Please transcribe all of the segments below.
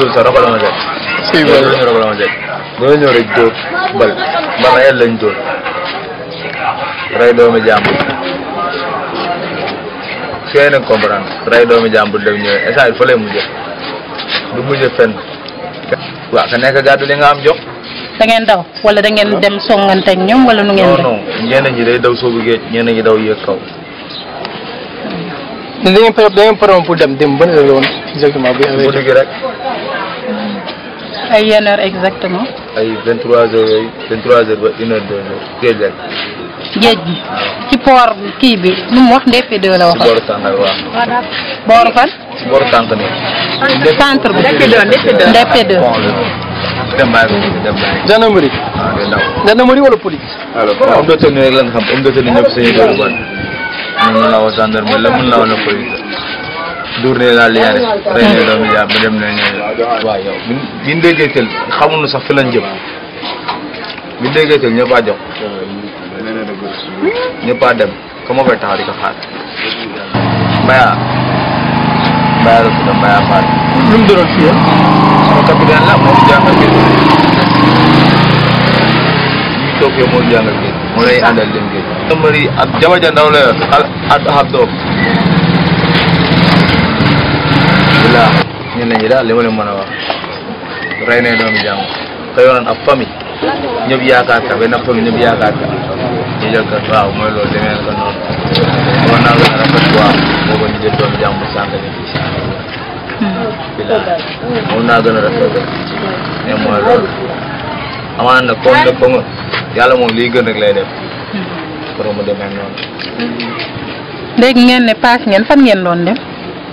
دوسا رقل مزاج سيب لنا رقل مزاج نونيو رجو بل بل يلا نجول ray doomi jàmbur xëy na comprendre ray doomi jàmbur dem ñëwee instant fa lay mujjee du mujjee fenn waaw ka nekk gàddu li nga am jox da ngeen daw wala da ngeen dem songante ak ñoom wala nu ngeen non ñenn ñi day daw soobu géej ñenn ñi daw yéeg kaw da ngeen da ngeen parom pour dem dem ban heure la woon exactement bu heure rek ay yenn heure exactement. ay vingt trois heures yooyu vingt trois heures ba une heure deux heures géej la. géej gi ci port kii bi lu mu wax Ndefleng deux la waxoon. ci booru Tànk waaw. booru fan. ci booru Tànk nii. centre bi Ndefleng deux gendarmerie. Ah, gendarmerie wala police. alors homme de tenue rek lan xam homme de tenue ñëpp sañu doon ban. mun na woo gendarmerie la mun na woo police. dourné la liyaare reyne doomi yaa ba dem nañ waaw yow biñ déggee tel xamuñu sax fi lañ jëm biñ déggee tel ñëpp jox ñëpp dem comment fay taxaw di xaar mbaya mbaya la tudd mbaya faal lu mu doon fii sama capitaine la moo jàngal bi ñu toog yow moo jàngal bi mu lay àndal dem ak ndaw la ak ak bilaa ñenn ñi daal li ma leen mën a wax rey nañ doomi jàmm te yoroon ab famille ñëpp yaakaar ka benn famille ñëpp yaakaar ka ñu jël ko waaw mooy loolu demee na ko noonu mën naa gën a rafet waaw boo ko ñu jël doomi jàmm sànq ñu fi bilaa moom naa gën a rafet mais mooy loolu amaana nag comme de comme yàlla moom liy gën rek lay def pour mu demee noonu léegi ngeen ne paas ngeen fan ngeen doon dem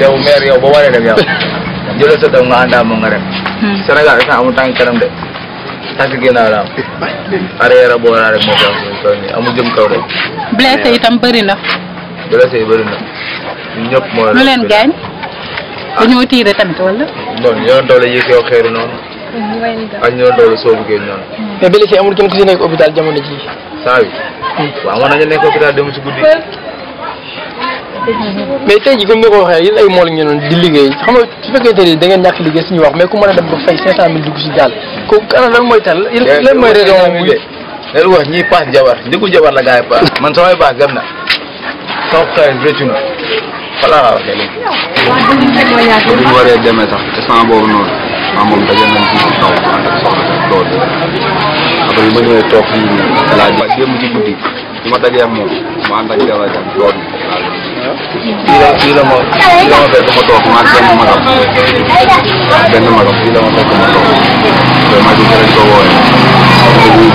yaw maire yow boo waree da yow jëlal sa doom nga àndaa moom nga dem Sénégal sax amul tànk kanam de tànk ginnaaw la am arrière a boolaa rek moo ko am amul kaw de blessé itam bëri na blessé yi na ñëpp moo lu leen gaañ dañoo tiire tamit wala bon ñoo doole yëg yow xeeru noonu ak ñoo doole soobu géen noonu mais blessé amul kenn ku si nekk hôpital jamono ji saa bi waaw mën nañu si guddi mais tey ji comme ni ko waxee yéen ay mool ngeen doon di liggéey xam nga su fekkente ni da ngeen ñàkk liggéey suñu wax mais ku mën a dem ba fay 500000 dugg si daal kooku ana lan mooy tal lan mooy raison bi léegi wax nii paas jabar njëgu jabar la gars yi paas man samay paas dem na sama xarit rëccu na fa laa waxee léegi. bu ñu waree demee sax instant boobu noonu maa moom daje nañ ci taw ànd ak soxna loolu après bi ma ñëwee toog ma démb ci guddi bi ma dajee moom ma ànd ak jabar fii la fii la ma fii la ma fekk ma toog maa benn magam benn magam fii la ma fekk ma toog vraiment ci jërëjëf ko wooyee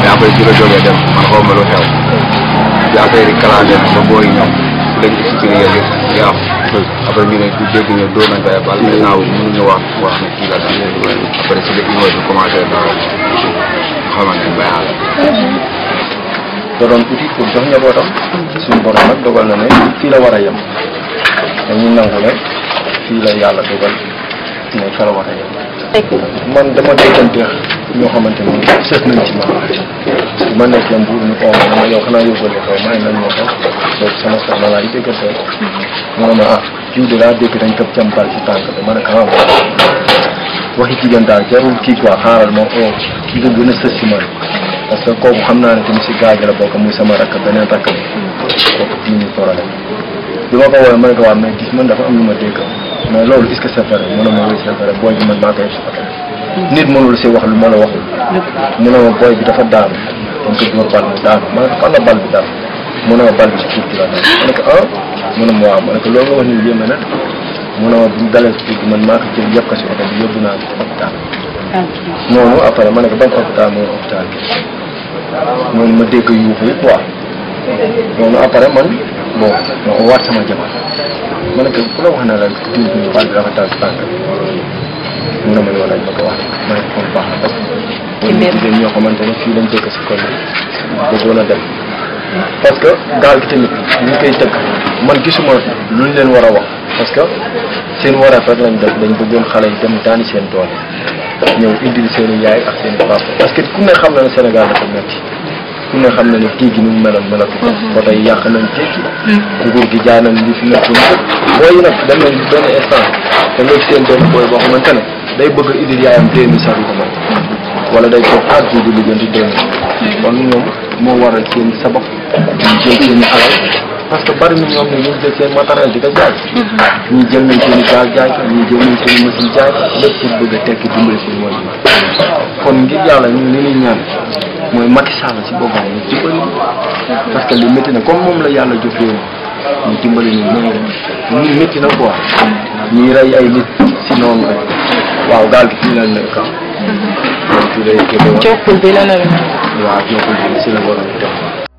mais après ci la jógee dem man xaw ma lu xew ci affaire yi kalaale ba boor yi ñoom lañ expliqué lépp li am après ñu ne ku jéggi ñëw dóor nañ koy bal mais naaw mënu ñu wax wax ne kii la daal après ci la image bi commencé daal xamal ne mbéyaan la da doon uti pour jox njabootam suñu borom nag dogal na ne fii la war a yem dañuy nangu ne fii la yàlla dogal ne fa la war a yem man dama déggante ñoo xamante ni sës nañ ci man bi ma nekk la mbuur ñu oo ma yow xanaa yóbbale xew may nañ ma ko donc sama soxna laa yi déggante mu ne ah jiw de laa dégg dañ tëb jam bal ci tànk bi ma ne ah waxi jigéen daal jarul kii quoi xaaral ma oo kii nga gën a sës ci man parce que kooku xam naa ne tamit si gaa ji la bokk muy sama rakk beneen rakk bi ma ko woowee ma ne ko mais gis man dafa ma ne wax lu ma bi dafa daanu dañ ko dóor ma ne ko fan ma ne ko ah ma wax ni yéeme na mu ne ma bu mu dalee si man maa ko jël yëpp naa ko hôpital ah, noonu après ma ne ko ban hôpital mooy hôpital bi ñoom ma dégg yuuxu yi quoi loolu après man bon ma waat sama jabar ma ne ko la wax na la diw bi ñu baal bi dafa taal tànk mun na ma yow lañ ko wax ma ne ko kon na parce xamante ne fii lañ dëkk si kon bëggoon a dem parce que gaal gi tamit ñu koy tëgg man gisuma lu ñu leen war a wax parce que seen wareef rek lañ def dañ bëggoon xale yi dem daani seen tool yi ñëw indil seen i yaay ak seen i parce que ku ne xam na ne Sénégal dafa metti ku ne xam na ne kii gi nu mu meloon melatu ko mm-hmm. ba tey yàq nañ jékki mm-hmm. nguur gi jaay nañ li fi nekkoon yëpp booy yi nag da ngay seen benn booy boo xamante ne day bëgg indil yaayam deux mille sax ko moom wala day toog ak ji di liggéeyam di deux mille mm-hmm. kon ñoom moo waral seen sabab ñu parce que bari na ñoom ne ñu jël seen matériel di ko jaay mhm. ñu jël nañ seen i gaal jaay ñu jël nañ seen i machine jaay lépp pour bëgg a tekki dimbali seen wàll kon ngir yàlla ñun li ñaan mooy Macky Sall ci boppam ñu dimbali parce que li métti na comme moom la yàlla jox réew ñu dimbali ñu ñun ñun métti na quoi ñuy rey ay nit si noonu rek waaw gaal gi fii la nekk mhm. kaw la la waaw Jokalante